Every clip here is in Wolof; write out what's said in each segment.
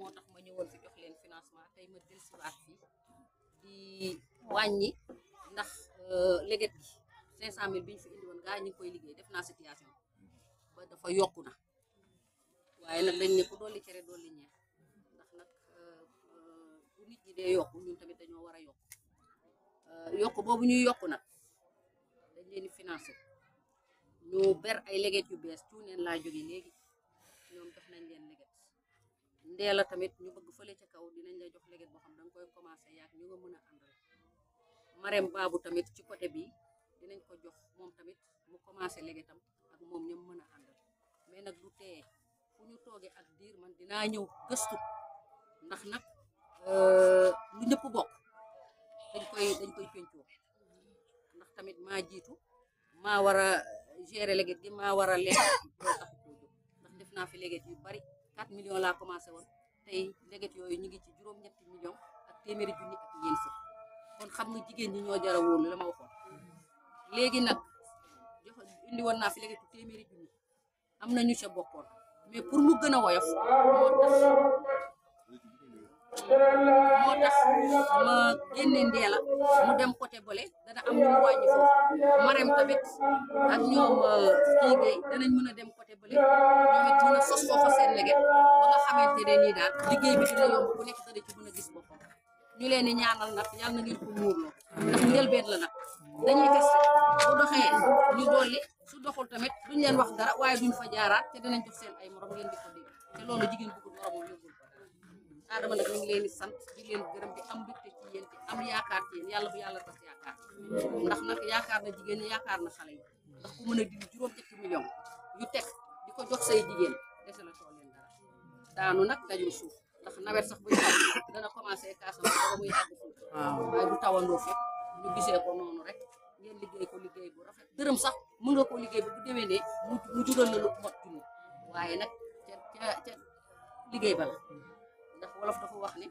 moo tax ma ñëwoon fi jox leen financement tey ma dellusiwaat fii di wàññi ndax euh, léget gi cinq cent mille bi ñu fi indi woon gaa ñu ngi koy liggéey def naa situation ba dafa yokku na waaye nag dañ ne ku dolli cere dolli ñeex ndax nag euh, bu nit ñi dee yokku ñun tamit dañoo war a yokku euh, yokk boobu ñuy yokk nag dañ leen di financé ñu ber ay léget yu bees tuuneen laa jóge léegi ñoom def nañ leen léget ndee la tamit ñu bëgg fële ca kaw dinañ la jox léget boo xam danga koy commencé yaag ñu nga mën a àndal marem baabu tamit ci côté bi dinañ ko jox moom tamit mu commencé légetam ak moom ñoom mën a àndal mais nag du tee fu ñu toogee ak diir man dinaa ñëw gëstu ndax nag euh, lu ñëpp bokk dañ koy dañ koy pencoo ndax tamit maa jiitu maa war a gérer léget gi maa war a lekk ndax def naa fi léget yu bari 4 millions laa commencé woon tey léget yooyu ñu ngi ci juróom-ñetti millions ak téeméeri junni ak yéen kon xam nga jigéen ñi ñoo jara wóolu la ma waxoon léegi nag jox indi woon naa fi légetu téeméeri junni am na ñu ca bokkoon mais pour mu gën a woyof moo tax ma génne ndee la mu dem côté bole dana am ñu wàññi foofu marem tamit ak ñoom euh, kii gay danañ mën a dem côté bole ñoom it mën a sos foofa seen leget ba nga xamante ne nii daal liggéey bi dina yomb ku nekk dana ci mën a gis boppam ñu leen di ñaanal nag yàlla na ngeen ko muurloo ndax njëlbeen la nag dañuy ñu dolli su doxul tamit duñ leen wax dara waaye duñ fa jaaraat te danañ jox seen ay morom ngeen di ko dégg te loolu jigéen bu ko moromam ñu ngi leen di sant di leen am yaakaar ci yéen yàlla bu yàlla tas yaakaar ndax nag yaakaar na jigéen ñi yaakaar na xale yi ndax ku mën a dindi juróom-ñetti million yu teg di ko jox say jigéen dese la tool leen dara daanu nag dajul suuf ndax nawet sax buy taw dana commencé kaasam ba muy àgg suuf waaye du tawandoo fépp ñu gisee ko noonu rek ngeen liggéey ko liggéey bu rafet dërëm sax mën nga ko liggéey bu déwénee mu mu jural na lu mot junni waaye nag ca ca liggéey ba la ndax wax ne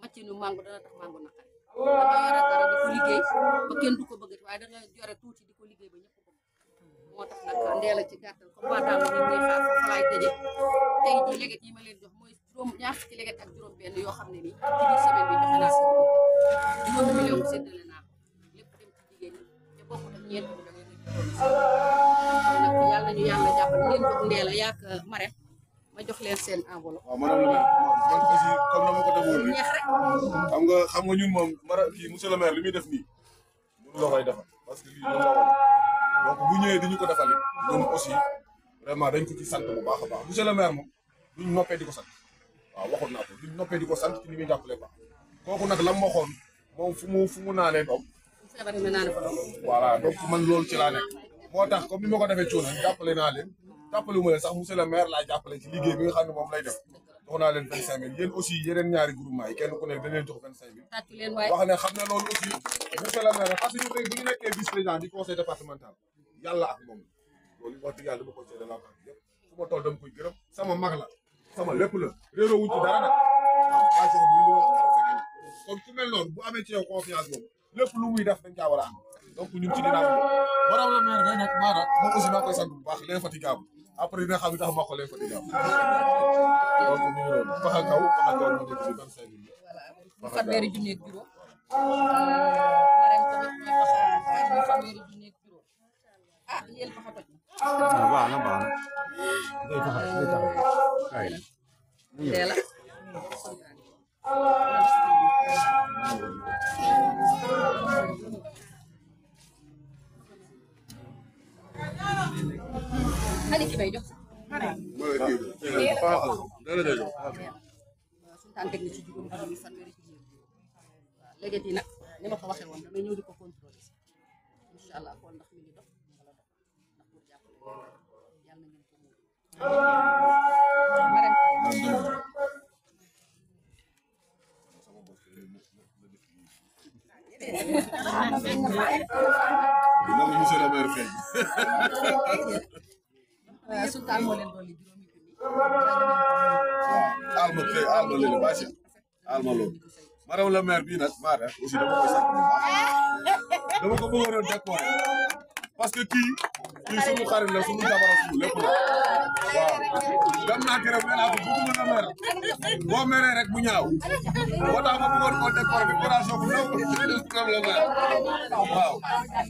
màcc nu màngo dana tax màngo naqari dara dara di liggéey ba kenn du ko bëgg waaye da nga yore tuuti di ko liggéey ba ñëpp moo tax nag ndeel a ci gàttal comme waataa ma ngeen koy xaar fa laay tëje ji leget yi ma leen jox mooy juróom ñaar fukki leget ak juróom benn yoo xam ne nii ci biir semaine bi joxe naa si juróomi million bu séddale ko lépp dem ci jigéen ñi ñeent bu da ngeen a juróom ma jox leen seen enveloppe. waaw madame la maire man aussi comme na ma ko defoon rek xam nga xam nga moom mara kii monsieur le maire li muy def nii mënu la koy defal parce que lii moom la bu ñëwee di ñu ko defalee ñun aussi vraiment dañ ko ci sant bu baax a baax monsieur le maire moom duñ noppee di ko sant waaw waxoon naa ko duñ noppee di ko sant ci li muy jàppale baax kooku nag lam ma waxoon moom fu mu fu mu naanee doom. feebar nga naan fa doom. voilà donc man loolu ci laa nekk tax comme ni ma ko defee coono jàppale naa leen. jàppale wu ma leen sax monsieur le maire laa jàppale ci liggéey bi nga xam ne moom lay def jox naa leen vingt cinq mille yéen aussi yeneen ñaari groupement yi kenn ku jox vingt cinq wax ne xam ne loolu aussi monsieur le maire parce que ñu tey bu ñu conseil départemental yàlla ak moom loolu wax dëgg yàlla dama ko seede laa ko ma tool dama koy sama mag sama lépp la réeroo wuñ ci dara nag waaw bi ñu kon ku mel noonu bu amee ci lépp lu muy def dañ caa war a am donc ñun ci dinaa borom la maire ngay nekk aussi maa koy sant bu baax les après dina xam ne tax ma ko leen ko di jox. donc ñu ngi doon Paxa Kaw Paxa Kaw moo nekk ci vingt cinq mille. Paxa Kaw fanweeri junni ak juróom. Marème tamit ñu Paxa fanweeri junni ak juróom. ah yéen Paxa toj na. Ah, baax na baax na. day taxaw day taxaw ay. teel a. Thank you. hani ki bay jox xanaa sultaan teg na ci juróom juróomi fanweeri ci ko waxee woon damay ñëw di ko contrôlé incha allah xool ndax mi ngi dox wala dox ndax pour jàppale yàlla ngeen ko mën. dina ko monsieur le maire sultaan moo leen dolli juróomi junni. alma kay alma leen baa si alma la maire bii nag Maada aussi dama koy sant dama ko bëggoon a décorer parce kii suñu xarit la suñu jabar suñu lépp la waaw dem naa keroog nee naa ko bëgg boo meree rek bu boo tax ma bëggoon koo bi décoration bu ndaw madame le waaw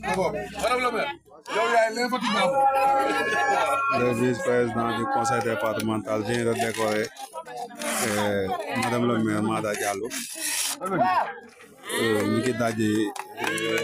d'accord madame le maire yow yaay l'infatigable le vice-président du conseil départemental vient de décorer euh, madame le maire Mada Diallo euh, ñu ngi daje euh,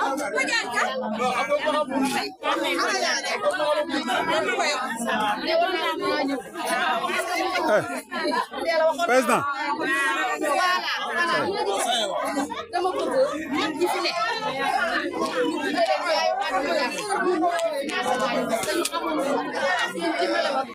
président dama bëgg nit ñi fi ne ñu